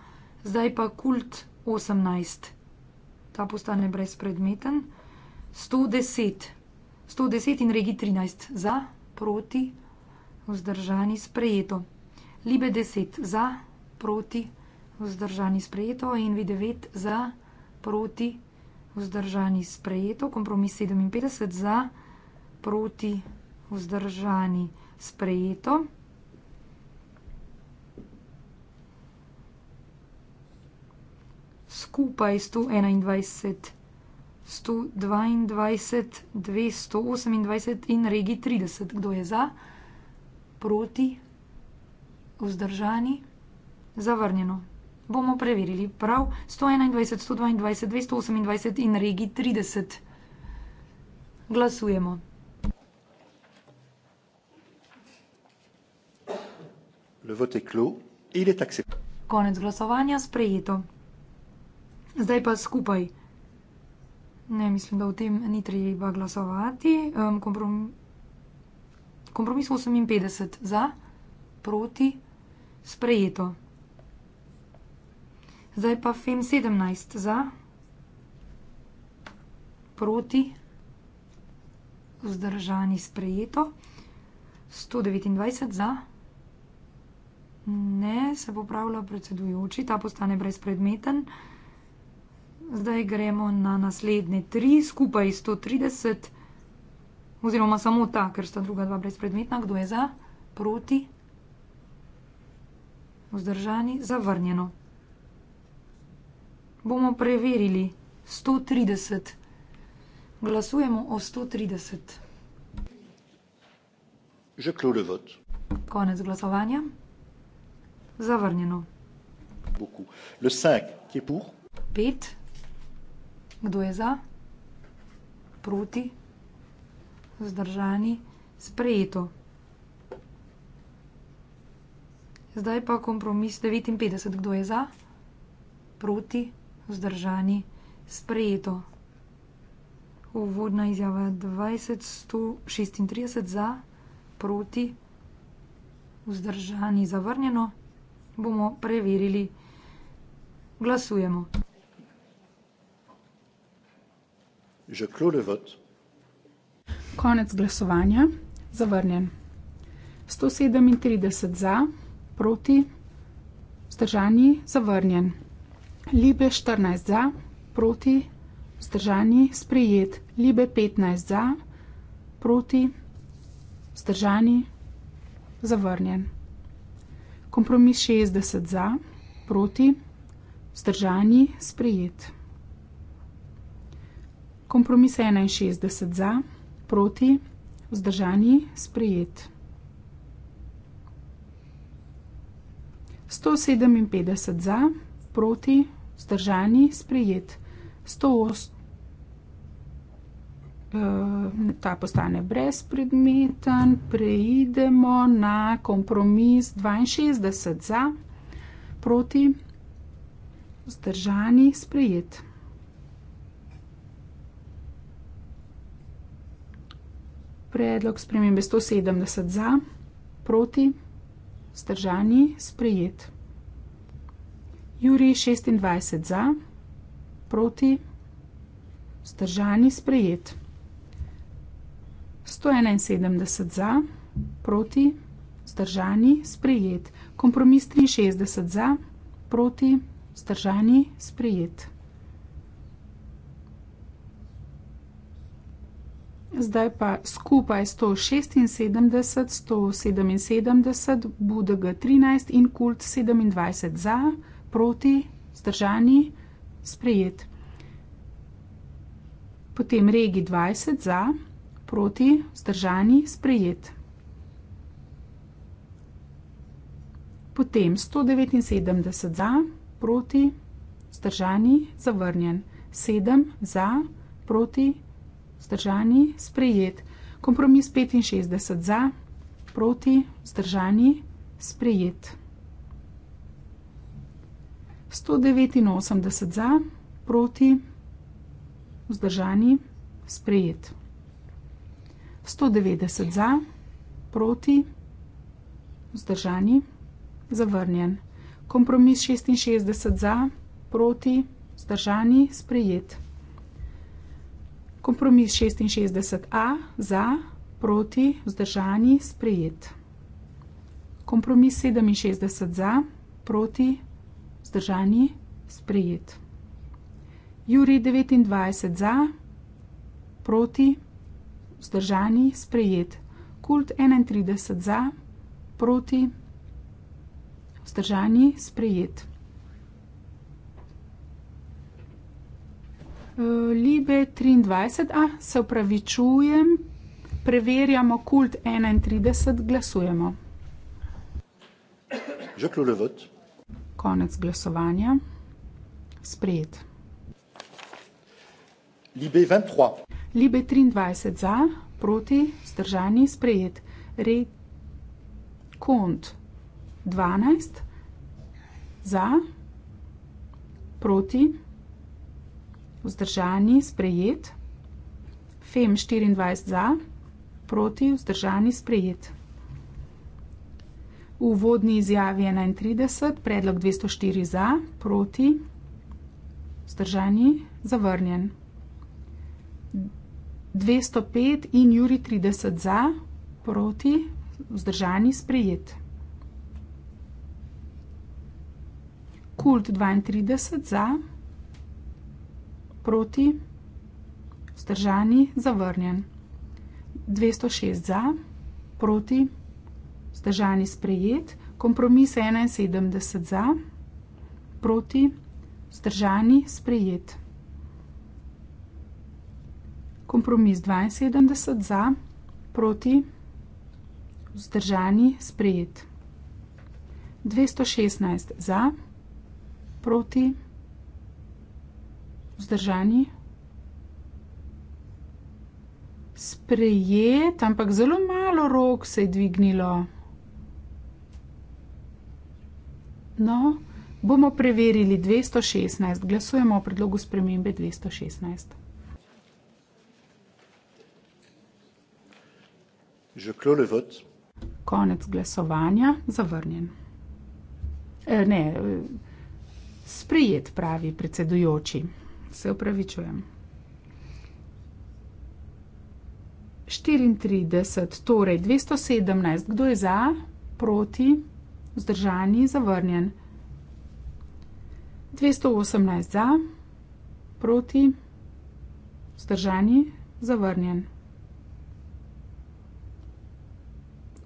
zdaj pa kult 18. Ta postane brezpredmeten. 110. 110 in regi 13 za, proti, vzdržani, sprejeto. Libe 10 za, proti, vzdržani, sprejeto. Envi 9 za, proti, vzdržani, sprejeto. Kompromis 57 za, proti, vzdržani, sprejeto sprejeto. Skupaj sto enaindvajset, sto dvaindvajset, dvesto osemindvajset in regij trideset. Kdo je za? Proti? Vzdržani? Zavrnjeno. Bomo preverili. Prav, sto enaindvajset, sto dvaindvajset, dvesto osemindvajset in regij trideset. Glasujemo. Le vote est clos. Il est accepté. Konec glasovanja sprejeto. Zdaj pa skupaj. Ne, mislim, da v tem ni treba glasovati. Um, komprom... Kompromis 58 za, proti, sprejeto. Zdaj pa FEM 17 za, proti, vzdržani sprejeto. 129 za ne, se bo pravila predsedujoči, ta postane brezpredmeten. Zdaj gremo na naslednje tri, skupaj 130, oziroma samo ta, ker sta druga dva brezpredmetna. Kdo je za, proti, vzdržani, zavrnjeno. Bomo preverili 130. Glasujemo o 130. Že kljub revod. Konec glasovanja zavrnjeno. Pet. Kdo je za? Proti? Zdržani? Sprejeto. Zdaj pa kompromis 59. Kdo je za? Proti? Zdržani? Sprejeto. Uvodna izjava 20.136 za, proti, vzdržani, zavrnjeno bomo preverili. Glasujemo. Konec glasovanja. Zavrnjen. 137 za, proti, vzdržani, zavrnjen. Libe 14 za, proti, vzdržani, sprejet. Libe 15 za, proti, vzdržani, zavrnjen. Kompromis 60 za, proti, vzdržani, sprejet. Kompromis 61 za, proti, vzdržani, sprejet. 157 za, proti, vzdržani, sprejet. 108. Eh, ta postane brezpredmeten, preidemo na kompromis 62 za, proti, zdržani, sprejet. Predlog spremembe 170 za, proti, zdržani, sprejet. Juri 26 za, proti, zdržani, sprejet. 171 za, proti, zdržani, sprejet. Kompromis 63 za, proti, zdržani, sprejet. Zdaj pa skupaj 176, 177, Budega 13 in Kult 27 za, proti, zdržani, sprejet. Potem Regi 20 za, proti, vzdržani, sprejet. Potem sto devetinsedemdeset za, proti, vzdržani, zavrnjen. Sedem za, proti, vzdržani, sprejet. Kompromis petinšestdeset za, proti, vzdržani, sprejet. Sto devetinosemdeset za, proti, vzdržani, sprejet. 190 za, proti, vzdržani, zavrnjen. Kompromis 66 za, proti, vzdržani, sprejet. Kompromis 66a za, proti, vzdržani, sprejet. Kompromis 67 za, proti, vzdržani, sprejet. Juri 29 za, proti, vzdržani vzdržani, sprejet. Kult 31 za, proti, vzdržani, sprejet. E, Libe 23, a se upravičujem, preverjamo kult 31, glasujemo. Je le vote. Konec glasovanja. Sprejet. Libe 23. Libe 23 za, proti, zdržani, sprejet. Re, kont 12 za, proti, vzdržani, sprejet. Fem 24 za, proti, vzdržani, sprejet. V vodni izjavi 31, predlog 204 za, proti, vzdržani, zavrnjen. 205 in Juri 30 za, proti, vzdržani, sprejet. Kult 32 za, proti, vzdržani, zavrnjen. 206 za, proti, vzdržani, sprejet. Kompromis 71 za, proti, vzdržani, sprejet kompromis 72 za, proti, vzdržani, sprejet. 216 za, proti, vzdržani, sprejet, ampak zelo malo rok se je dvignilo. No, bomo preverili 216, glasujemo o predlogu spremembe 216. Je clos le vote. Konec glasovanja, zavrnjen. E, ne, e, sprijet, pravi predsedujoči. Se upravičujem. 34, torej 217, kdo je za, proti, vzdržani, zavrnjen. 218 za, proti, vzdržani, zavrnjen.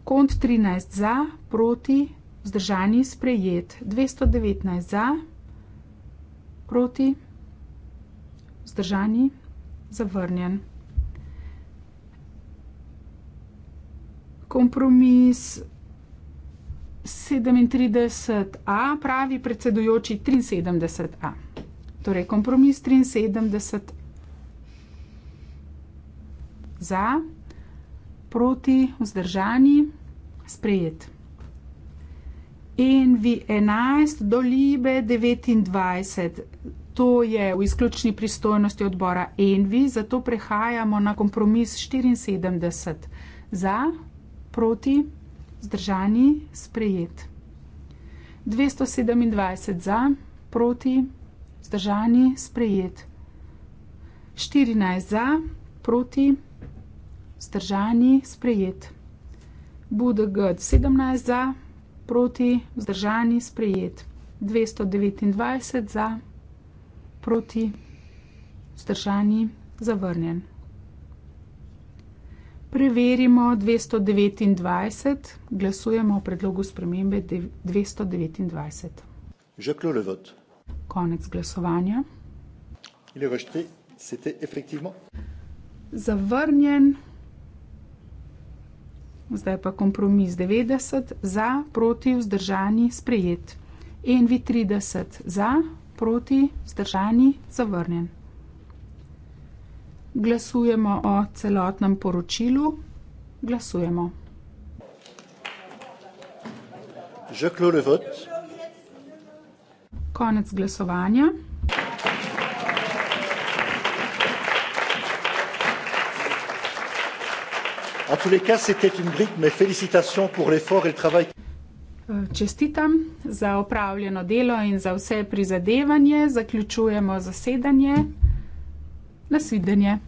Kont 13 za, proti, vzdržani, sprejet. 219 za, proti, vzdržani, zavrnjen. Kompromis 37a pravi predsedujoči 73a. Torej, kompromis 73 za proti, vzdržani, sprejet. In vi 11 do Libe 29. To je v izključni pristojnosti odbora Envi, zato prehajamo na kompromis 74 za, proti, zdržani, sprejet. 227 za, proti, zdržani, sprejet. 14 za, proti, sprejet vzdržani, sprejet. BDG 17 za, proti, vzdržani, sprejet. 229 za, proti, vzdržani, zavrnjen. Preverimo 229, glasujemo o predlogu spremembe 229. Je clôt le vote. Konec glasovanja. Il est rejeté, c'était effectivement. Zavrnjen zdaj pa kompromis 90, za, proti, vzdržani, sprejet. NV30 za, proti, vzdržani, zavrnjen. Glasujemo o celotnem poročilu. Glasujemo. Konec glasovanja. En tous les cas, c'était une brique, mais félicitations pour l'effort et le travail. Eh, čestitam za opravljeno delo in za vse prizadevanje. Zaključujemo zasedanje. Nasvidenje.